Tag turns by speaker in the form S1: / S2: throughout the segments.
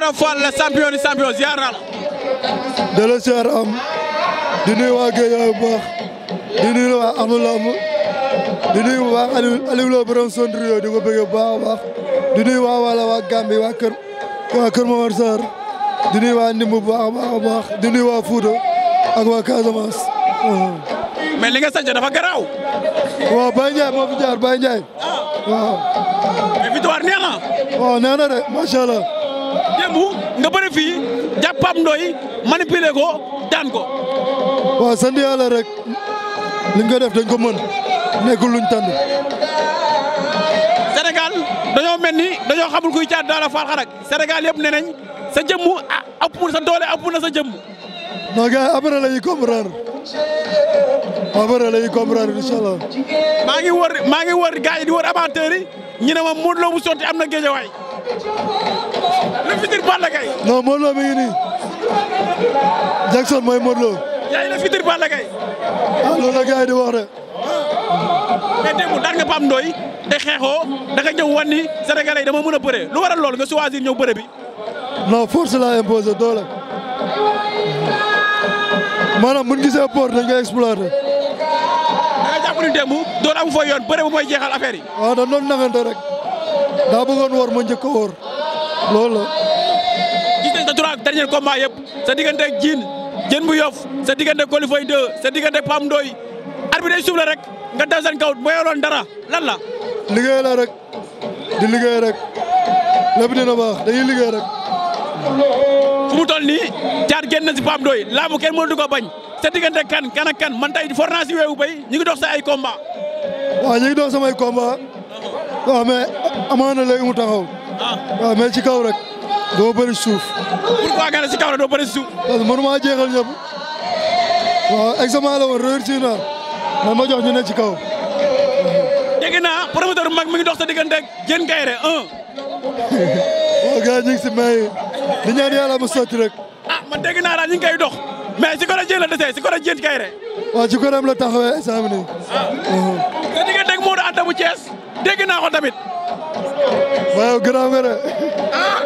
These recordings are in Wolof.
S1: Daouda la champion
S2: am di waa Guèye bu baax waa Amadou Lamb di nuyu bu baax Aliou Aliou di ko bëggee bu baax a waa wala waa Gambie waa kër waa kër waa Ndimbu bu baax a baax di nuyu waa Fouta ak waa Casamance.
S1: mais li nga sànq dafa garaaw.
S2: waaw Baye Ndiaye moo fi jaar Baye Ndiaye. Ah. waaw. mais victoire neex démb nga bëri fii jàpp ndoy Ndoye manipuler ko daan ko. waaw sant yàlla rek liñ ko dañ ko mën nekkul luñ tànn. Sénégal dañoo mel ni
S1: dañoo xamul kuy caat daal la xarak Sénégal yëpp nee sa jëmm ah sa doole ëpp sa jëmm.
S2: non gars après la ñuy comprendre après
S1: maa ngi wër maa ngi wër gars yi di wër amateurs yi ñu ne ma Modou sotti am na géejawaay. lu fitir Balla
S2: ngi nii Jackson mooy Modou Lo.
S1: yaa ngi ne fitir Balla Gaye.
S2: ah loolu la gars yi di wax de.
S1: mais démb daan nga Pape Ndoye te xeexoo da nga ñëw wan ni Sénégalais yi dama mën lu waral loolu
S2: nga choisir ñëw bëre bi. non force la imposé doole. maanaam bu ñu gisee port dañ koy exploité. da nga jàpp ni démb am fooy yoon bëre mooy jeexal affaire yi. waaw ah, da rek. daa bëggoon wóor ma njëkk a wóor loolu la.
S1: gis nañ sa trois dernier combat yëpp sa diggante ak Diène bu Yoff sa diggante Colifay sa diggante Pam Ndoy arbitre suuf la rek nga daw seen kaw booyaloon dara lan la.
S2: liggéey la rek di liggéey rek lépp dina baax dañuy liggéey rek. fu mu toll nii jaar
S1: génn na si Pam Ndoy laamu kenn mënatu ko bañ sa diggante kan kan kan man tey forna weewu bay ñu ngi dox sa
S2: ay combat waaw ñu ngi dox samay combat waaw mais amaana léegi mu taxaw. Ah. waaw mais ci kaw rek doo bëri suuf.
S1: pourquoi nga ne ci kaw rek doo bëri suuf.
S2: parce que mënuma jeexal ñëpp waaw examen la woon réussir naa man ma jox ñu ne ci kaw. dégg naa promoteur mag mi ngi dox sa diggante ak Diène Kairé un. waaw gars ñu ngi si may di ñaan yàlla mu sotti rek. ah man dégg naa daal ñu ngi dox mais si côté Diène la desee si côté Diène kayre waaw ci côté am la taxawee examen.
S1: Dabu Thiès dégg naa ko tamit.
S2: waaw grand frère. ah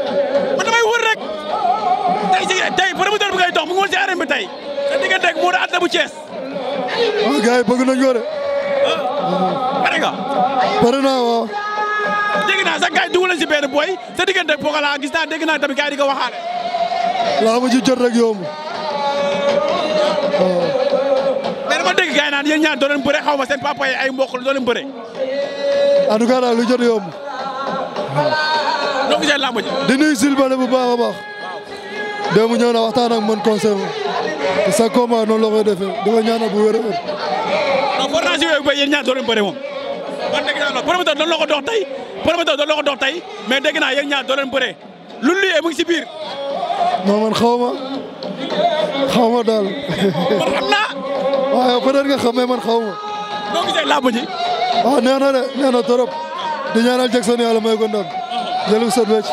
S1: man damay wër rek tey si tey promoteur bi ngay dox mu ngi woon si arène bi tey sa diggante ak Modou Anta bu Thiès.
S2: waaw bëgg nañ ko de.
S1: Ah, pare nga.
S2: pare naa waaw.
S1: dégg naa sax gars yi dugal sa diggante ak Pokola gis naa dégg naa tamit gars yi di ko waxaale.
S2: laa ma ci jot rek yomb.
S1: waaw. mais dama dégg gars yi naan bëre xaw ma seen ay mbokk la bëre.
S2: en tout cas daal lu jot yomb. ñoo ngi bu baax a baax. démb ñëw man conseil ma. te sa combat noonu la bu wér a wér.
S1: non forage yooyu ba yéen ñaar doon bëre man dégg naa loolu promoteur doon la ko dox tey promoteur doon la mais dégg naa yéen ñaar mu ngi si
S2: man xaw ma daal. man xam naa. waaw man xaw ma. noo gisee waaw ah, neex na de neex na trop di ñaanal Jackson yàlla may ko ndam jël bu set wecc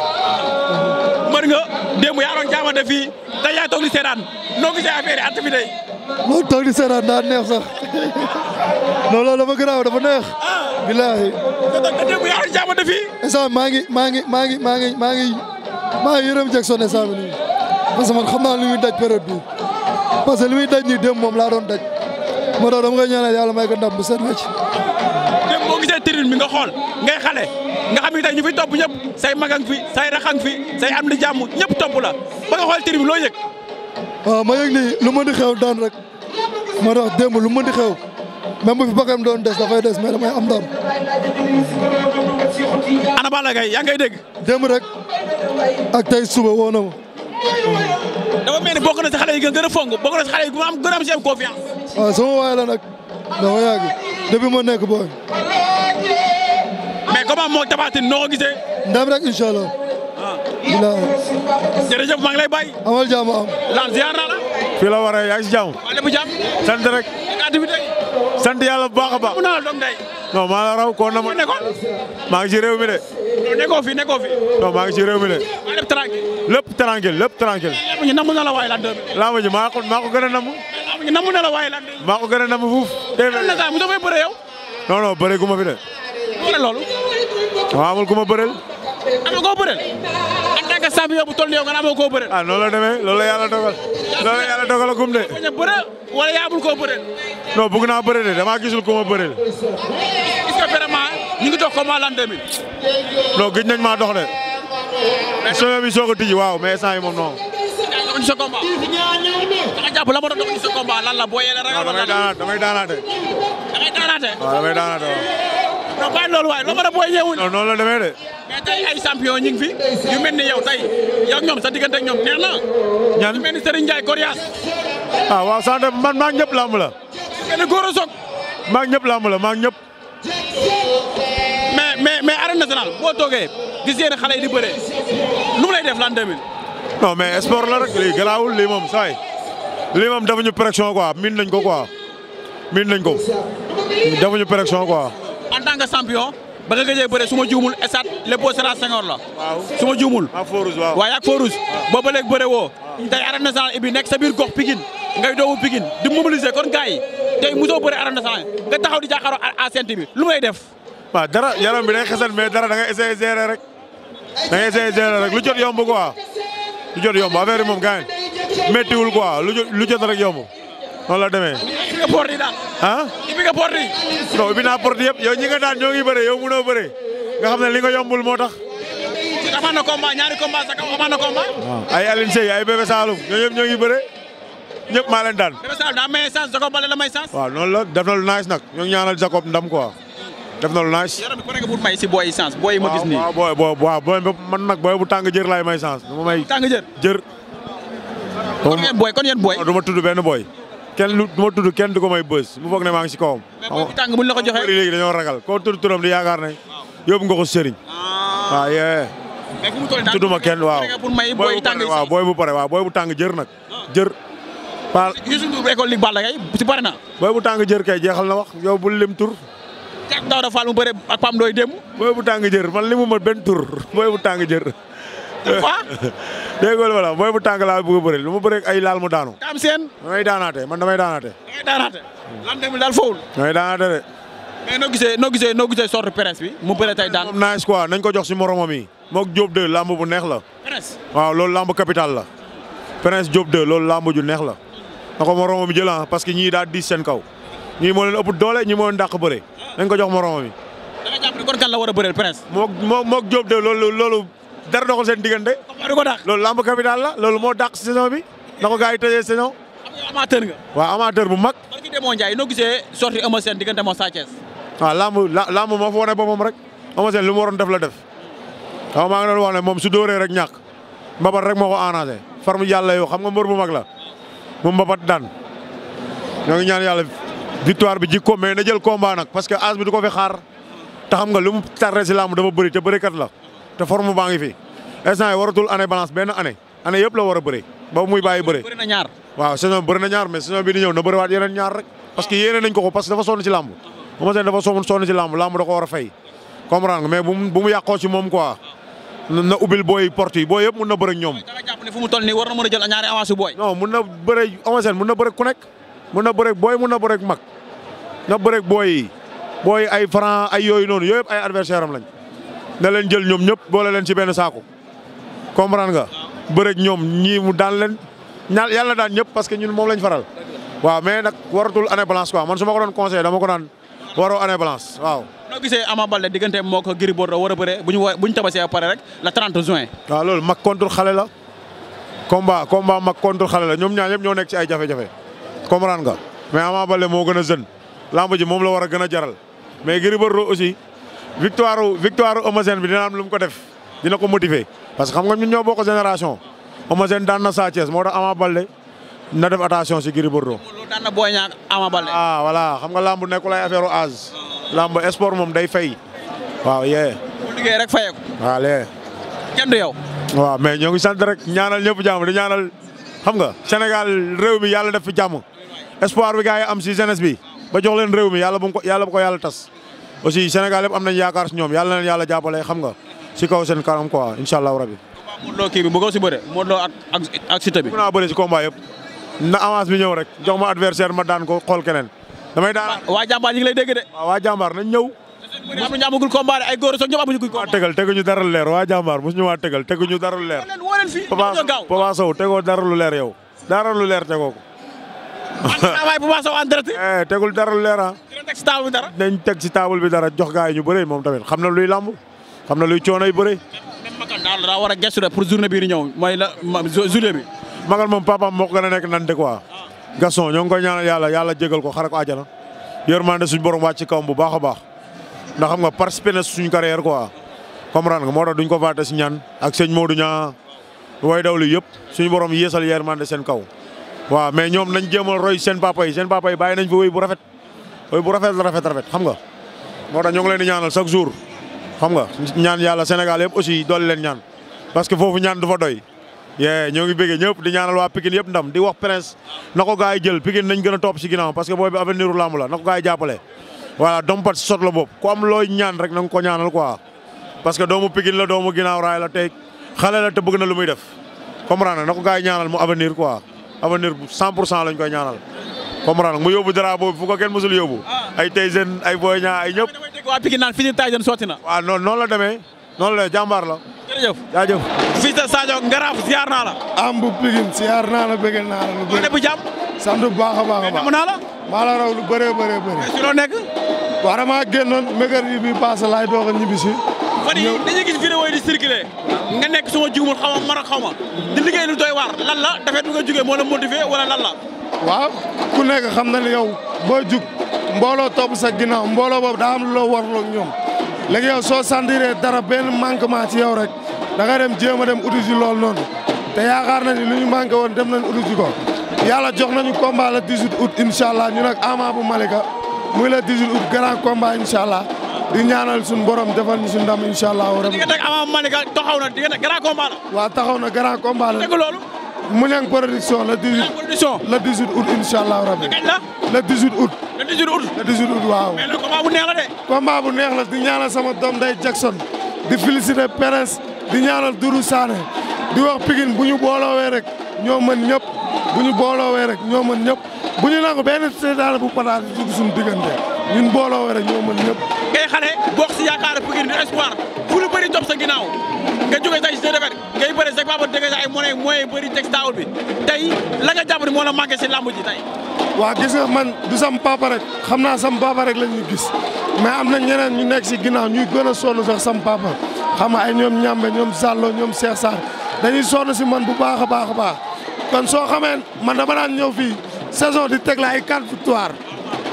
S1: mën nga démb yaa doon jaamante fii te yaa toog di seetaan noo gisee affaire yi activité yi
S2: loolu toog di seetaan daa neex sax non loolu dafa garaaw dafa neex ah. billahi te démb yaa doon jaamante fii instant maa ngi maa ngi maa ngi maa ngi maa ngi maa ngi yërëm Jackson instant bi nii parce que man xam naa lu daj période bi parce que li daj nii démb moom laa doon daj moo tax dama koy ñaanal yàlla may ko ndam bu
S1: gisee tribune bi nga xool ngay xale nga xam ñu fi topp ñëpp say magang fi say raxang fi say am di jàmm ñëpp topp la ba nga xool tribune loo yëg.
S2: waaw ma yëg nii lu mën di xew daan rek moo tax démb lu mën xew même fi bakam doon des dafay des mais damay am ndam.
S1: ana Balla Gaye yaa ngay
S2: rek ak tey suba woo na ma. dafa mel na
S1: si xale yi gën a fonk bokk na si xale yi gën am gën am confiance.
S2: waaw sama waay la nag dafa yàgg depuis ma booy. combat moo tabaatee noo ko gisee. ndam rek incha allah. waaw. Ah. jërëjëf maa ngi lay bàyyi. amal jàmm am. lan ziar
S3: naa la. fii la waree yaa ngi si jàmm. waa rek. activité yi. sant yàlla bu baax a baax. mu naa la maa la raw koo na ma. maa ngi ci réew mi de.
S1: non nekkoo fi nekkoo fi.
S3: non maa ngi ci réew mi de. maa lépp tranquille. lépp tranquille lépp tranquille.
S1: lamb ji namm na la waaye lan deux bi.
S3: lamb ji maa ko a namm. na la a namm fuuf. yow. non non bëre gu ma waaw amul ku ma bëreel. amoo koo bëreel. en tant que champion bu toll nii yow nga ne amoo kum ah, de.
S1: bañ a bëre wala yaa amul koo
S3: naa bëre de damaa gisul ku ma bëreel.
S1: est-ce que vraiment l'an 2000. non
S3: gëj nañ maa dox de. soo bi soo ko waaw mais instant yi moom non.
S1: dox ci sa combat. danga jàpp la ma lan la booyee ragal.
S3: waaw daanaate damay
S1: daanaate. daanaate. waaw damay daanaate non bàyyi loolu waaye loo a booy ñëwul. la demee de. mais tey ay champion ñu fi yu mel ni yow tey yow ñoom sa diggante ñoom neex na. ñan yu mel ni Serigne Ndiaye Coriace.
S3: ah waaw sant man maa ñëpp làmb la. mel maa ñëpp làmb la maa ngi ñëpp. mais
S1: mais mais arène boo toogee gis yéen xale yi di bëree lu def l'an 2000. non mais sport la rek lii garaawul moom saay
S3: lii moom dafa ñu pression quoi miin nañ ko quoi miin nañ ko dafa ñu pression quoi.
S1: en tant que champion ba nga gëjee bëre su ma juumul stade Léopold Sédar Senghor la. waaw su ma juumul. ak Fourouz waaw waaye ak bëre woo. tey arène nationale bi nekk sa biir gox Pikine ngay doomu Pikine di mobiliser kon gars yi tey bëre arène nationale nga taxaw di jàkkaaroo enceinte bi lu may def. waaw dara yaram bi day xasan mais dara da ngay essayer rek
S3: da ngay essayer rek lu jot yomb quoi lu jot yomb affaire yi moom gars yi méttiwul quoi lu jot rek yomb. noonu la demee. ubbi nga porte yi daal. ah ubbi
S1: nga porte yi. non ubbi
S3: naa porte yëpp yow daan ñoo ngi bëre yow mënoo bëre nga xam ne li nga yombul moo tax.
S1: amaan na combat ñaari combat sa kaw amaan na combat.
S3: ay Alioune Seye ay Bébé Saloum ñoo ñëpp ñoo ngi bëre ñëpp maa leen daan.
S1: Bébé Saloum daa may chance Jacob Baldé la may chance.
S3: waaw nag ñoo ñaanal Jacob ndam quoi. def na lu nice. yaram bi ku nekk
S1: pour may si booy yi chance booy
S3: yi ma gis nii. booy booy booy man nag booy bu tàng jër laay may chance. du ma may tàng jër jër. kon ngeen booy kon ngeen booy. kenn lu ma tudd kenn du ko may bës mu foog ne ngi si kawam. mais boobu tàng buñ la ko joxee léegi dañoo ragal koo tudd turam di yaakaar ne. yóbbu nga ko sëriñ. Ah. waaw yee. mais fu mu toll tudduma kenn waaw booy bu pare waaw booy bu tàng jër nag ah. jër. par Youssou Ndour école Ligue Balla Gaye si pare na. booy bu tàng jër kay jeexal na wax yow bul lim tur. Thiatou Daouda Fall mu bëre ak Pam Ndoye démb. booy bu tàng jër man limu ma benn tur booy bu tàng ah. dégg nga wala booy bu tànk laa bëgg a bëri lu ma bëree ay laal mu daanu. daam seen. damay daanaate man damay daanaate. damay
S1: daanaate. lan daal fowul.
S3: damay daanaate de.
S1: mais noo gisee noo bi mu bëree tey
S3: daan. moom nice nañ ko jox si moromam yi. moog Diop 2 lamb bu neex la. waaw loolu lamb capital la. presse Diop 2 loolu lamb ju neex la. na ko moromam jël ah, parce que ñii daal diis seen kaw. ñii moo leen ëpp doole ñii moo leen dàq bëre. Ah. nañ ko jox moromam a bëreel presse. moog moog loolu dara doxul seen diggante. loolu lamb capital la loolu moo dàq saison bi na ko gars yi tëjee saison. amateur nga. waaw amateur bu mag.
S1: barki Demba Ndiaye noo gisee sorti Eumeu Sène diggante moo Sa Thiès.
S3: moo fa wane boppam rek Eumeu Sène lu def la def waaw maa ngi doon wax ne moom su dóoree rek ñàkk mbapat rek moo ko arrangé far mu yàlla yoo xam nga mbër bu mag la mu mbapat daan ñoo ngi ñaan yàlla victoire bi jik ko mais na jël combat nag parce que âge bi du ko fi xaar te xam nga lum mu si lamb dafa bëri te kat la. te forme baa ngi fi instant yi waratul année balance ben année année yep la wara beure ba muy baye beure beure na ñaar waaw saison beure na ñaar mais saison bi di ñew na wat yeneen ñaar rek. parce que yene nañ ko ko parce que dafa sonu ci lamb bu ma sen dafa sonu sonu ci lamb lamb da ko war fay. comprendre nga mais bu mu bu mu ci mom quoi na ubil boy porte yi booy yëpp na beure ñom dara japp ne fu mu toll war na mën a jël ñaari avance boy non mën na beure avance mën na beure ku nek mën na beure boy mën na beure mak na beure boy boy ay franc ay yoy non yoy ay adversaire am lañ na leen jël ñoom ñëpp boole leen ci benn saako comprendre nga bërëg ñoom ñii mu daan leen ñaar yàlla daan ñëpp parce que ñun moom lañ faral waaw mais nag waratul année blanche quoi man su ma ko doon conseillé dama ko daan
S1: waroo année blanche waaw. noo gisee Ama diggante moo ko Gris Bordeaux war a bëre bu bu ñu tabasee ba pare rek le 30 juin.
S3: waaw loolu mag contre xale la combat combat mag contre xale la ñoom ñaa ñëpp ñoo nekk ci ay jafe-jafe comprendre ga mais Ama Baldé moo gën a jeune lamb moom la war a gën a jaral victoire victoire Eumeu Sène bi dina am lu mu ko def dina ko motiver parce que xam nga ñun ñoo boo ko Eumeu Sène daan na Sa moo tax Ama Baldé na def attention si Gris Bordeaux. loolu daan na Boy Niang Ama Baldé. Ah, xam nga lamb nekkul ay affaire lamb sport moom day fay. waaw yee. bu liggéey rek fayee ko. waaw lee. du yow. waaw mais ñoo ngi sant rek ñaanal ñëpp jàmm di ñaanal xam nga Sénégal réew mi yàlla def fi jàmm espoir bi gars yi am si jeunesse bi ba jox leen réew yàlla bu ko yàlla bu ko yàlla tas. aussi Sénégal yëpp am nañ yaakaar si ñoom yàlla na leen yàlla jàppale xam nga si kaw seen kanam quoi incha allahu rabi.
S1: Modou Lo kii bi bëggoon si naa bëre si combat yëpp
S3: na avance bi ñëw rek jox ma adversaire ma daan ko xool keneen. damay daan
S1: waa jàmbaar ñu ngi lay de.
S3: waa jàmbaar nañ ñëw. am nañu amagul combat ay góor soog ñëpp amaguñu kuy combat. tegal teguñu dara lu leer waa jàmbaar mosu ñu waa tegal teguñu dara leer. Papa Sow tegoo dara lu leer yow. leer tegoo ko. Eh, tegul dara tek ci table bi dara. nañ teg ci table bi dara jox gaay ñu bëre mom tamit xamna luy lamb xamna luy coono bëre même Makan daal daa wara a gëstu pour journée bi di ñëw moy la journée bi. Makan mom papa moko gëna nek nante quoi. Ah. gasson ñong ko ñaanal yalla yalla jéggal ko xara ko àjjana. yërmande suñu borom wacc ci kawam bu baaxa baax ndax xam nga participer na suñu carrière quoi comprendre nga mo do duñ ko fàtte ci ñaan ak sëñ Modou ñaa way dawlu yépp suñu borom yéssal yermande sen kaw wa mais ñom nañ jéem roy sen papa yi sen papa yi bay nañ fi wéy bu rafet booy bu rafet rafet rafet xam nga moo tax ñoo ngi leen di ñaanal chaque jour xam nga ñaan yàlla Sénégal yëpp aussi doole leen ñaan parce que foofu ñaan du fa doy yee ñoo ngi bëggee ñëpp di ñaanal waa Pikine yëpp ndam di wax Prince na ko gars yi jël Pikine nañ gën a toop si ginnaaw parce que booy bi avenir u lamb la na ko gars yi jàppale voilà dompat si sot la bopp ku am looy ñaan rek na nga ko ñaanal quoi parce que doomu Pikine la doomu ginnaaw raay la tey xale la te na lu muy def comprendre na ko gars yi ñaanal mu avenir quoi avenir 100 pour cent lañ koy ñaanal comprendre mu yóbbu drapeau bi fu ko kenn mësul yóbbu. Ah. ay Tyson ay Boy ay ñëpp. waa Pikine naan fii nii Tyson sotti na. waaw noonu noonu la demee noonu la jàmbaar la.
S1: jërëjëf jaajëf. fils de Sadio Ngaraaf ziar naa la.
S4: am bu Pikine ziar naa la bëgg naa la lu bëri. bu jàmm. sant a a baax naa loo nekk. waaw damaa génnoon mercredi bi passé laay doog a ñibbi si.
S1: fan yii dañuy gis vidéo yi nga nekk suma juumul xaw ma mara xaw ma di liggéey lu doy waar lan la dafet nga jógee moo
S4: waaw ku nekk xam na ne yow boo jug mbooloo topp sa ginnaaw mbooloo boobu daa am loo warloo ak ñoom léegi yow soo sentiree dara benn manquement ci yow rek da nga dem jéem a dem uti ji loolu noonu te yaakaar na ni lu ñu manqué woon dem nañ uti ji ko yàlla jox nañu combat le 18 août incha allah ñu nag Ama bu Malika muy le 18 août grand combat incha allah di ñaanal suñu borom defal ñu suñu ndam incha allah. rabi taxaw na di nga teg grand taxaw na grand combat la. loolu. mu production le 18. production le di août incha allah rabi. le 18 août. le 18 août le 18 août waaw. mais nag bu neex la di ñaanal sama dom day Jackson di féliciter Perez di ñaanal Duru Sané di wax Pikine bu ñu booloowee rek ñoo mën ñëpp bu ñu booloowee rek ñoo mën ñëpp bu ñu nangu benn seetaan bu pataat di dugg suñu diggante ñun booloowee rek ñoo mën ñëpp. xale bokk yaakaar Pikine di espoir. topp sa ginnaaw
S1: nga jógee say sa defet ngay bëri sa papa dégg sa ay moyens moyens bëri teg taawul bi tey la nga jàpp ni moo la manqué si làmb ji tey
S4: waaw gis nga man du sam papa rek xam naa sam papa rek la ñuy gis mais am na ñeneen ñu nekk si ginnaaw ñuy gën a sonn sax sam papa xam nga ay ñoom ñambe ñoom Sallo ñoom Cheikh Sarr dañuy sonn si man bu baax a baax a baax kon soo xamee man dama daan ñëw fii saison di teg la ay quatre victoire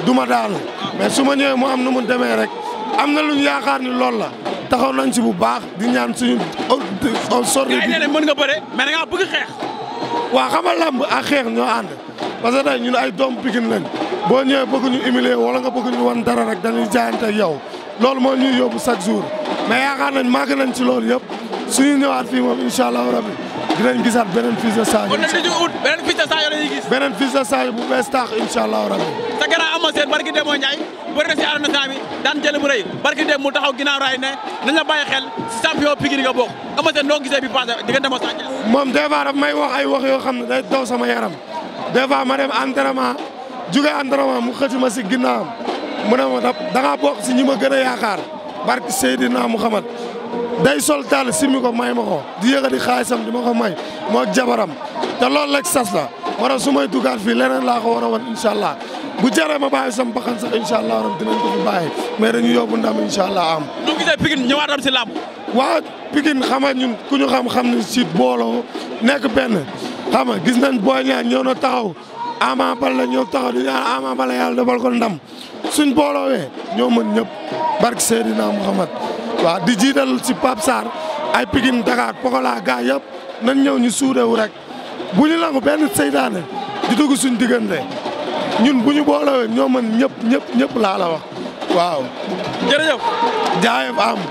S4: du ma daanu mais su ma ñëwee mu am nu mu demee rek am na lu ñu yaakaar loolu la taxaw nañ ci bu baax di ñaan suñu sordi bi mën nga bëre mais da ngaa bëgg xeex waaw xama lamb ak xeex ñoo ànd parce que tey ñun ay doom Pikine lañ boo ñëwee bëgg ñu humilier wala nga bëgg ñu wan dara rek dañuy jaayante ak yow loolu moo ñuy yóbbu chaque jour mais yaakaar nañ màgg nañ ci loolu yëpp suñu ñëwaat fii moom incha allah rabbi dinañ gisaat beneen Fils de Sadio. kon nag li ñu
S1: ut beneen Fils de Sadio la gis.
S4: beneen Fils de Sadio bu bees taax incha allahu rabi.
S1: sa grand Eumeu barki jël bu rëy barki dem mu taxaw ginnaaw raay ne nañ la bàyyi xel si champion Pikine nga bokk Eumeu Sène noo gisee bi passé diggante moo Sa Thiès.
S4: moom des may wax ay wax day daw sama yaram ma dem entraînement entraînement mu mu ne ma da barki day sol taal simi ko may ma ko di yëkkati xaalisam di ma ko may moo jabaram te loolu rek sas la war a su may dugaat fii leneen laa ko war a wan allah bu jaree ma bàyyi sam baxan sax incha allah rab dinañ ko fi bàyyi mais dañu yóbbu ndam incha allah am. nu gisee Pikine ñëwaatam si làmb. waaw Pikine xam ñun ku ñu xam-xam ni si booloo nekk benn xam gis nañ Boy Niang ñëw na taxaw Ama Baldé ñëw taxaw di ñaan Ama Baldé yàlla defal ko ndam suñ booloowee ñoo mën ñëpp barke Seydina Muhammad waaw di jiital si Pape Sarr ay pigin Dakar Pokola gaa yëpp nañ ñëw ñu suurewu rek bu ñu nangu benn seytaane di dugg suñ diggante ñun bu ñu boolewee ñoo mën ñëpp ñëpp ñëpp laa la wax waaw. jërëjëf am.